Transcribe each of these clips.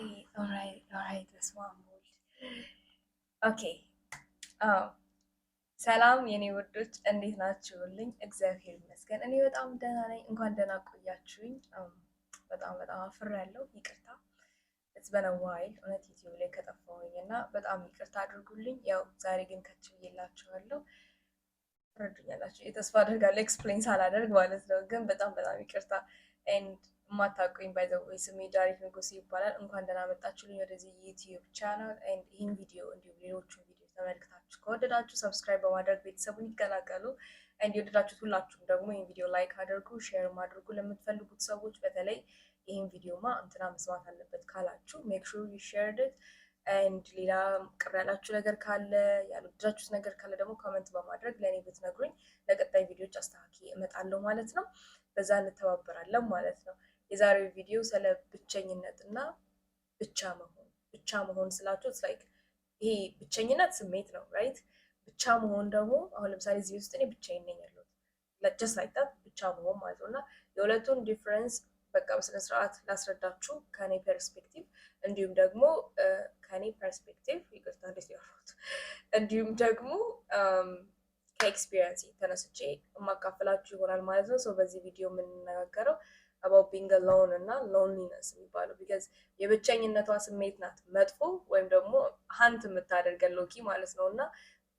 right, all right, all right. በስመ አብ ወልድ ኦኬ። ሰላም የኔ ውዶች እንዴት ናችሁልኝ? እግዚአብሔር ይመስገን እኔ በጣም ደህና ነኝ። እንኳን ደህና ቆያችሁኝ። um, በጣም በጣም አፍሬያለሁ። ይቅርታ በነዋይል እውነት ዩቲዩብ ላይ ከጠፋሁኝ እና በጣም ይቅርታ አድርጉልኝ። ያው ዛሬ ግን ከች ብዬላችኋለሁ። ትረዱኛላችሁ የተስፋ አድርጋለሁ ኤክስፕሌን ሳላደርግ ማለት ነው። ግን በጣም በጣም ይቅርታ ኤንድ የማታውቁኝ ባይዘወይ ስሜ ዳዊት ንጉሴ ይባላል። እንኳን ደህና መጣችሁልኝ ወደዚህ ዩቲዩብ ቻናል። ይህን ቪዲዮ እንዲሁም ሌሎቹን ቪዲዮ ተመልክታችሁ ከወደዳችሁ ሰብስክራይብ በማድረግ ቤተሰቡን ይቀላቀሉ። እንዲ ወደዳችሁት ሁላችሁም ደግሞ ይህን ቪዲዮ ላይክ አድርጉ፣ ሼርም አድርጉ ለምትፈልጉት ሰዎች። በተለይ ይህን ቪዲዮማ እንትና መስማት አለበት ካላችሁ ሜክ ሹር ዩ ሼርድ ኤንድ ሌላ ቅር ያላችሁ ነገር ካለ ያልወደዳችሁት ነገር ካለ ደግሞ ኮመንት በማድረግ ለእኔ ብትነግሩኝ ለቀጣይ ቪዲዮዎች አስተካክዬ እመጣለሁ ማለት ነው። በዛ እንተባበራለን ማለት ነው። የዛሬው ቪዲዮ ስለ ብቸኝነት እና ብቻ መሆን ብቻ መሆን ስላችሁ ላይክ ይሄ ብቸኝነት ስሜት ነው ራይት ብቻ መሆን ደግሞ አሁን ለምሳሌ እዚህ ውስጥ እኔ ብቻዬን ነኝ ያለሁት ጀስት ላይክ ዳት ብቻ መሆን ማለት ነው እና የሁለቱን ዲፍረንስ በቃ በስነ ስርዓት ላስረዳችሁ ከኔ ፐርስፔክቲቭ እንዲሁም ደግሞ ከኔ ፐርስፔክቲቭ ይቅርታ እንዴት ያሉት እንዲሁም ደግሞ ከኤክስፒሪንስ ተነስቼ የማካፍላችሁ ይሆናል ማለት ነው። ሰው በዚህ ቪዲዮ የምንነጋገረው አባውት ቢንግ ሎን እና ሎንሊነስ የሚባለው ቢካዝ የብቸኝነቷ ስሜት ናት መጥፎ ወይም ደግሞ ሀንት የምታደርገን ሎኪ ማለት ነው እና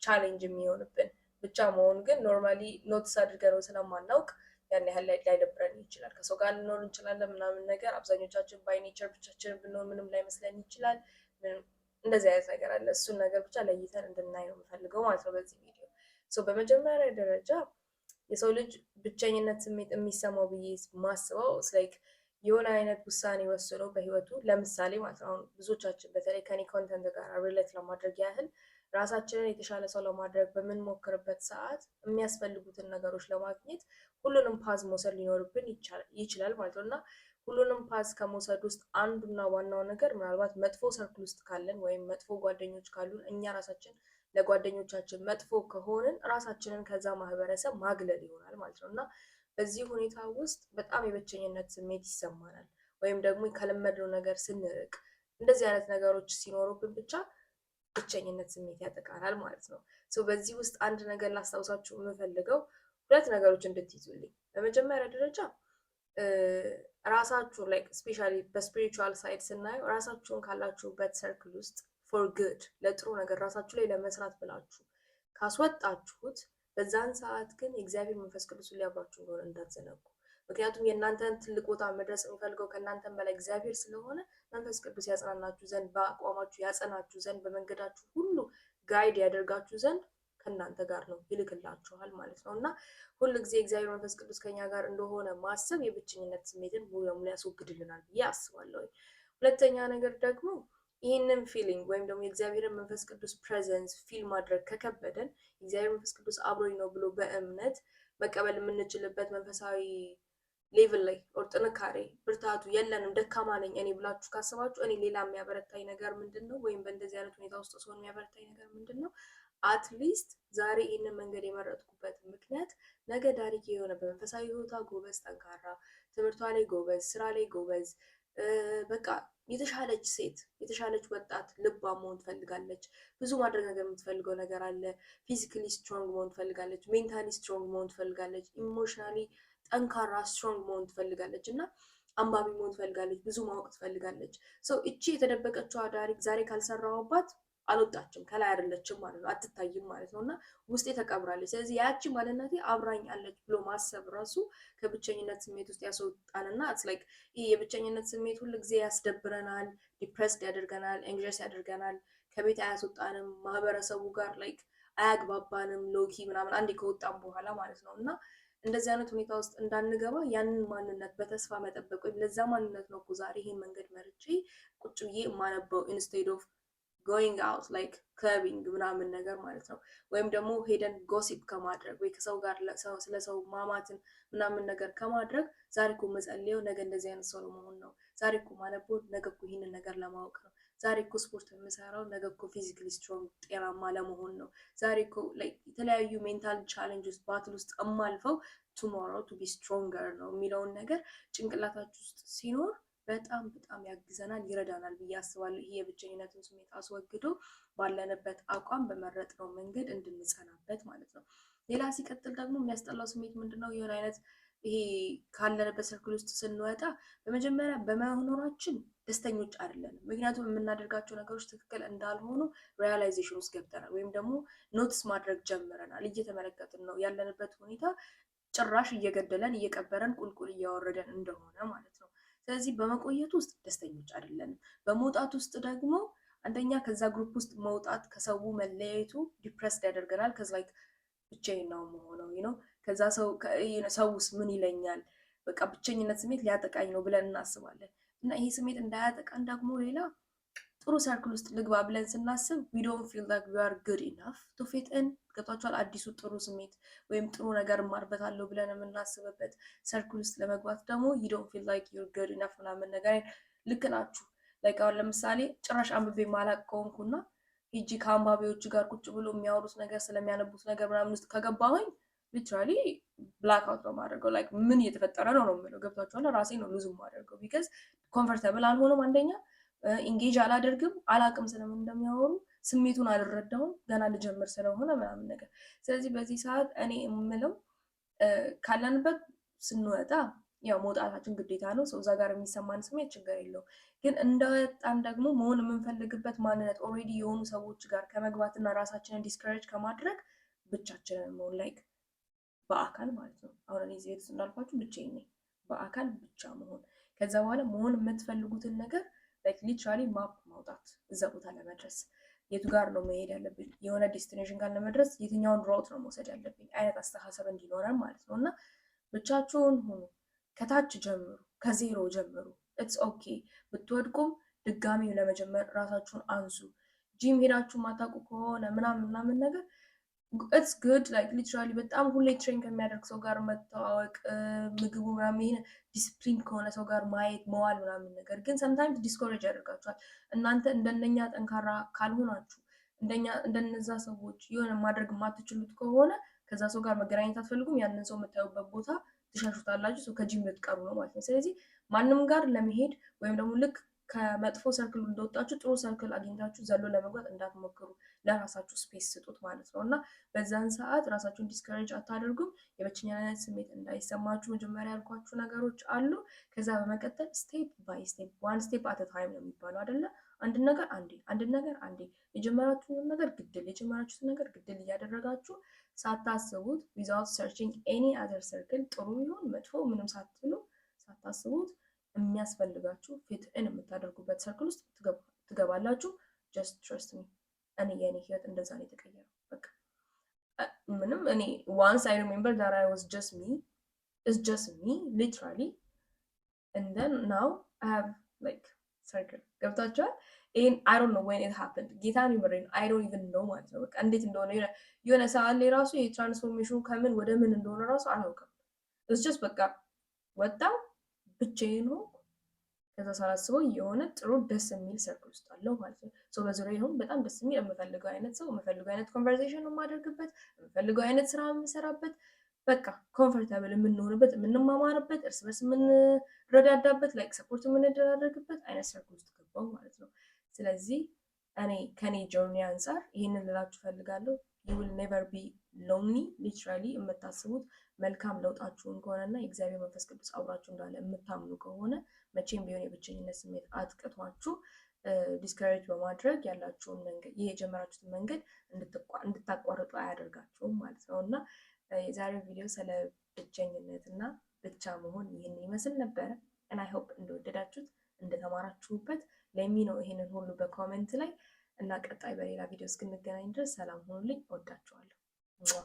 ቻሌንጅ የሚሆንብን ብቻ መሆን ግን ኖርማሊ ኖትስ አድርገነው ስለማናውቅ ያን ያህል ላይደብረን ይችላል። ከሰው ጋር ልኖር እንችላለን ምናምን ነገር አብዛኞቻችን ባይ ኔቸር ብቻችንን ብንሆን ምንም ላይመስለን ይችላል። እንደዚህ አይነት ነገር አለ። እሱን ነገር ብቻ ለይተን እንድናይ ነው የምፈልገው ማለት ነው በዚህ ቪዲዮ በመጀመሪያ ደረጃ የሰው ልጅ ብቸኝነት ስሜት የሚሰማው ብዬ ማስበው ላይክ የሆነ አይነት ውሳኔ ወስኖ በህይወቱ ለምሳሌ ማለት ነው አሁን ብዙዎቻችን በተለይ ከኔ ኮንተንት ጋር ሪሌት ለማድረግ ያህል ራሳችንን የተሻለ ሰው ለማድረግ በምንሞክርበት ሰዓት የሚያስፈልጉትን ነገሮች ለማግኘት ሁሉንም ፓዝ መውሰድ ሊኖርብን ይችላል ማለት ነው እና ሁሉንም ፓዝ ከመውሰድ ውስጥ አንዱና ዋናው ነገር ምናልባት መጥፎ ሰርክል ውስጥ ካለን ወይም መጥፎ ጓደኞች ካሉን እኛ ራሳችን ለጓደኞቻችን መጥፎ ከሆንን ራሳችንን ከዛ ማህበረሰብ ማግለል ይሆናል ማለት ነው እና በዚህ ሁኔታ ውስጥ በጣም የብቸኝነት ስሜት ይሰማናል። ወይም ደግሞ ከለመድነው ነገር ስንርቅ እንደዚህ አይነት ነገሮች ሲኖሩብን ብቻ ብቸኝነት ስሜት ያጠቃናል ማለት ነው። በዚህ ውስጥ አንድ ነገር ላስታውሳችሁ የምፈልገው ሁለት ነገሮች እንድትይዙልኝ፣ በመጀመሪያ ደረጃ ራሳችሁ ላይ ስፔሻሊ በስፒሪቹዋል ሳይድ ስናየው ራሳችሁን ካላችሁበት ሰርክል ውስጥ ፎር ግድ ለጥሩ ነገር ራሳችሁ ላይ ለመስራት ብላችሁ ካስወጣችሁት በዛን ሰዓት ግን የእግዚአብሔር መንፈስ ቅዱስ ሊያብራችሁ እንደሆነ እንዳትዘነጉ። ምክንያቱም የእናንተን ትልቅ ቦታ መድረስ የሚፈልገው ከእናንተን በላይ እግዚአብሔር ስለሆነ መንፈስ ቅዱስ ያጽናናችሁ ዘንድ፣ በአቋማችሁ ያጸናችሁ ዘንድ፣ በመንገዳችሁ ሁሉ ጋይድ ያደርጋችሁ ዘንድ ከእናንተ ጋር ነው ይልክላችኋል ማለት ነው እና ሁል ጊዜ እግዚአብሔር መንፈስ ቅዱስ ከኛ ጋር እንደሆነ ማሰብ የብቸኝነት ስሜትን ሙሉ ለሙሉ ያስወግድልናል ብዬ አስባለሁ። ሁለተኛ ነገር ደግሞ ይህንን ፊሊንግ ወይም ደግሞ የእግዚአብሔርን መንፈስ ቅዱስ ፕሬዘንስ ፊል ማድረግ ከከበደን የእግዚአብሔር መንፈስ ቅዱስ አብሮኝ ነው ብሎ በእምነት መቀበል የምንችልበት መንፈሳዊ ሌቭል ላይ ኦር ጥንካሬ ብርታቱ የለንም ደካማ ነኝ እኔ ብላችሁ ካስባችሁ፣ እኔ ሌላ የሚያበረታኝ ነገር ምንድን ነው? ወይም በእንደዚህ አይነት ሁኔታ ውስጥ ሲሆን የሚያበረታኝ ነገር ምንድን ነው? አትሊስት ዛሬ ይህንን መንገድ የመረጥኩበት ምክንያት ነገ ዳሪክ የሆነ በመንፈሳዊ ሕይወቷ ጎበዝ፣ ጠንካራ ትምህርቷ ላይ ጎበዝ፣ ስራ ላይ ጎበዝ በቃ የተሻለች ሴት የተሻለች ወጣት ልባ መሆን ትፈልጋለች። ብዙ ማድረግ ነገር የምትፈልገው ነገር አለ። ፊዚካሊ ስትሮንግ መሆን ትፈልጋለች። ሜንታሊ ስትሮንግ መሆን ትፈልጋለች። ኢሞሽናሊ ጠንካራ ስትሮንግ መሆን ትፈልጋለች እና አንባቢ መሆን ትፈልጋለች። ብዙ ማወቅ ትፈልጋለች። ሰው እቺ የተደበቀችው አዳሪ ዛሬ ካልሰራውባት አልወጣችም ከላይ አይደለችም ማለት ነው። አትታይም ማለት ነው። እና ውስጤ ተቀብራለች። ስለዚህ ያቺ ማንነቴ አብራኝ አለች ብሎ ማሰብ ራሱ ከብቸኝነት ስሜት ውስጥ ያስወጣንና ላይክ ይህ የብቸኝነት ስሜት ሁል ጊዜ ያስደብረናል፣ ዲፕረስድ ያደርገናል፣ ኤንግዠስ ያደርገናል፣ ከቤት አያስወጣንም፣ ማህበረሰቡ ጋር ላይክ አያግባባንም፣ ሎኪ ምናምን አንዴ ከወጣም በኋላ ማለት ነው እና እንደዚህ አይነት ሁኔታ ውስጥ እንዳንገባ ያንን ማንነት በተስፋ መጠበቅ ወይም ለዛ ማንነት ነው ዛሬ ይህን መንገድ መርጬ ቁጭ ብዬ የማነበው ኢንስቴድ ኦፍ ጎይንግ አውት ላይክ ክለቢንግ ምናምን ነገር ማለት ነው። ወይም ደግሞ ሄደን ጎሲፕ ከማድረግ ወይ ከሰው ጋር ስለ ሰው ማማትን ምናምን ነገር ከማድረግ ዛሬ እኮ መጸልየው ነገ እንደዚህ አይነት ሰው መሆን ነው። ዛሬ እኮ ማነቦ ነገ እኮ ይህንን ነገር ለማወቅ ነው። ዛሬ እኮ ስፖርት የምሰራው ነገ እኮ ፊዚካሊ ስትሮንግ ጤናማ ለመሆን ነው። ዛሬ እኮ የተለያዩ ሜንታል ቻለንጅ ውስጥ ባትል ውስጥ እማልፈው ቱሞሮ ቱ ቢ ስትሮንገር ነው የሚለውን ነገር ጭንቅላታችሁ ውስጥ ሲኖር በጣም በጣም ያግዘናል፣ ይረዳናል ብዬ አስባለሁ። ይሄ የብቸኝነትን ስሜት አስወግዶ ባለንበት አቋም በመረጥነው መንገድ እንድንጸናበት ማለት ነው። ሌላ ሲቀጥል ደግሞ የሚያስጠላው ስሜት ምንድን ነው? የሆነ አይነት ይሄ ካለንበት ሰርክል ውስጥ ስንወጣ በመጀመሪያ በመኖራችን ደስተኞች አይደለንም። ምክንያቱም የምናደርጋቸው ነገሮች ትክክል እንዳልሆኑ ሪያላይዜሽን ውስጥ ገብተናል፣ ወይም ደግሞ ኖትስ ማድረግ ጀምረናል። እየተመለከትን ነው ያለንበት ሁኔታ ጭራሽ እየገደለን እየቀበረን ቁልቁል እያወረደን እንደሆነ ማለት ነው። ስለዚህ በመቆየቱ ውስጥ ደስተኞች አይደለንም። በመውጣት ውስጥ ደግሞ አንደኛ ከዛ ግሩፕ ውስጥ መውጣት ከሰው መለያየቱ ዲፕረስድ ያደርገናል። ከዛ ላይክ ብቻዬን ነው መሆነው ነው ከዛ ሰውስ ምን ይለኛል፣ በቃ ብቸኝነት ስሜት ሊያጠቃኝ ነው ብለን እናስባለን እና ይሄ ስሜት እንዳያጠቃን ደግሞ ሌላ ጥሩ ሰርክል ውስጥ ልግባ ብለን ስናስብ ዊዶን ፊል ላይክ ዊ አር ጉድ ኢናፍ ቱ ፊት ኢን ገብቷችኋል። አዲሱ ጥሩ ስሜት ወይም ጥሩ ነገር እማርበታለሁ ብለን የምናስብበት ሰርክል ውስጥ ለመግባት ደግሞ ዩዶን ፊል ላይክ ዩር ጉድ ኢናፍ ምናምን ነገር ልክ ናችሁ። ላይክ አሁን ለምሳሌ ጭራሽ አንብቤ ማላቅ ከሆንኩና ሂጂ ከአንባቢዎች ጋር ቁጭ ብሎ የሚያወሩት ነገር ስለሚያነቡት ነገር ምናምን ውስጥ ከገባሁኝ ሊትራሊ ብላክ አውት ነው ማደርገው። ላይክ ምን እየተፈጠረ ነው ነው የምለው ገብቷችኋል። ራሴ ነው ሉዝ ማደርገው ቢካዝ ኮንቨርተብል አልሆነም አንደኛ ኢንጌጅ አላደርግም፣ አላቅም ስለምን እንደሚያወሩ ስሜቱን አልረዳውም ገና ልጀምር ስለሆነ ምናምን ነገር። ስለዚህ በዚህ ሰዓት እኔ የምለው ካለንበት ስንወጣ ያው መውጣታችን ግዴታ ነው። ሰው እዛ ጋር የሚሰማን ስሜት ችግር የለው ግን እንደወጣን ደግሞ መሆን የምንፈልግበት ማንነት ኦሬዲ የሆኑ ሰዎች ጋር ከመግባትና ራሳችንን ዲስከሬጅ ከማድረግ ብቻችንን መሆን ላይክ በአካል ማለት ነው። አሁን እኔ ዜት እንዳልኳችሁ ብቻዬን ነኝ። በአካል ብቻ መሆን ከዛ በኋላ መሆን የምትፈልጉትን ነገር ሊትራሊ ማፕ ማውጣት እዛ ቦታ ለመድረስ የቱ ጋር ነው መሄድ ያለብኝ፣ የሆነ ዴስቲኔሽን ጋር ለመድረስ የትኛውን ሮት ነው መውሰድ ያለብኝ አይነት አስተሳሰብ እንዲኖረን ማለት ነው። እና ብቻችሁን ሁኑ፣ ከታች ጀምሩ፣ ከዜሮ ጀምሩ። ኢትስ ኦኬ ብትወድቁም ድጋሚ ለመጀመር ራሳችሁን አንሱ። ጂም ሄዳችሁ ማታውቁ ከሆነ ምናምን ምናምን ነገር ኢትስ ጉድ ላይክ ሊትራሊ በጣም ሁሌ ትሬን ከሚያደርግ ሰው ጋር መተዋወቅ ምግቡ ምናምን ዲስፕሊን ከሆነ ሰው ጋር ማየት መዋል ምናምን ነገር ግን ሰምታይምስ ዲስኮሬጅ ያደርጋቸዋል። እናንተ እንደነኛ ጠንካራ ካልሆናችሁ እንደነዛ ሰዎች የሆነ ማድረግ የማትችሉት ከሆነ ከዛ ሰው ጋር መገናኘት አትፈልጉም። ያንን ሰው የምታዩበት ቦታ ትሻሹታላችሁ። ከጂም ልትቀሩ ነው ማለት ነው። ስለዚህ ማንም ጋር ለመሄድ ወይም ደግሞ ልክ ከመጥፎ ሰርክል እንደወጣችሁ ጥሩ ሰርክል አግኝታችሁ ዘሎ ለመግባት እንዳትሞክሩ ለራሳችሁ ስፔስ ስጡት ማለት ነው እና በዛን ሰዓት ራሳችሁን ዲስከሬጅ አታደርጉም። የብቸኝነት ስሜት እንዳይሰማችሁ መጀመሪያ ያልኳችሁ ነገሮች አሉ። ከዛ በመቀጠል ስቴፕ ባይ ስቴፕ ዋን ስቴፕ አተ ታይም ነው የሚባለው አይደለ? አንድ ነገር አንዴ፣ አንድ ነገር አንዴ፣ የጀመራችሁን ነገር ግድል የጀመራችሁትን ነገር ግድል እያደረጋችሁ ሳታስቡት ዊዛውት ሰርችንግ ኤኒ አዘር ሰርክል ጥሩ ይሁን መጥፎ ምንም ሳትሉ ሳታስቡት የሚያስፈልጋችሁ ፊትእን የምታደርጉበት ሰርክል ውስጥ ትገባላችሁ። ጀስት ትረስት ሚ። እኔ የእኔ ህይወት እንደዛ ነው የተቀየረው። በቃ ምንም እኔ ዋንስ አይ ሪሜምበር ዳት አይ ዋዝ ጀስት ሚ ኢዝ ጀስት ሚ ሊትራሊ and then now I have like ገብታችኋል። ይሄን አይ ዶንት ኖ ዌን ኢት ሃፕንድ ጌታን ይምረኝ አይ ዶንት ኢቭን ኖ ማለት ነው። በቃ እንዴት እንደሆነ የሆነ ሰዓት ላይ ራሱ የትራንስፎርሜሽኑ ከምን ወደ ምን እንደሆነ ራሱ አላውቅም። ኢትስ ጀስት በቃ ወጣ ብቻዬን ነው ከዛ ሳላስበው የሆነ ጥሩ ደስ የሚል ሰርክል ውስጥ አለው ማለት ነው። በዙሪያ ይሁን በጣም ደስ የሚል የምፈልገው አይነት ሰው የምፈልገው አይነት ኮንቨርሴሽን የማደርግበት የምፈልገው አይነት ስራ የምሰራበት በቃ ኮንፈርታብል የምንሆንበት የምንማማርበት እርስ በርስ የምንረዳዳበት ላይክ ሰፖርት የምንደራረግበት አይነት ሰርክል ውስጥ ገባው ማለት ነው። ስለዚህ እኔ ከኔ ጆርኒ አንጻር ይህንን ልላችሁ ፈልጋለሁ። ዩ ዊል ኔቨር ቢ ሎንሊ ሊትራሊ የምታስቡት መልካም ለውጣችሁን ከሆነና የእግዚአብሔር መንፈስ ቅዱስ አብራችሁ እንዳለ የምታምኑ ከሆነ መቼም ቢሆን የብቸኝነት ስሜት አጥቅቷችሁ ዲስከሬጅ በማድረግ ያላችሁን መንገድ ይህ የጀመራችሁትን መንገድ እንድታቋርጡ አያደርጋችሁም ማለት ነው እና የዛሬው ቪዲዮ ስለ ብቸኝነት እና ብቻ መሆን ይህን ይመስል ነበረ። እና አይ ሆፕ እንደወደዳችሁት እንደተማራችሁበት ለሚ ነው ይህንን ሁሉ በኮመንት ላይ እና ቀጣይ በሌላ ቪዲዮ እስክንገናኝ ድረስ ሰላም ሁኑልኝ። እወዳችኋለሁ።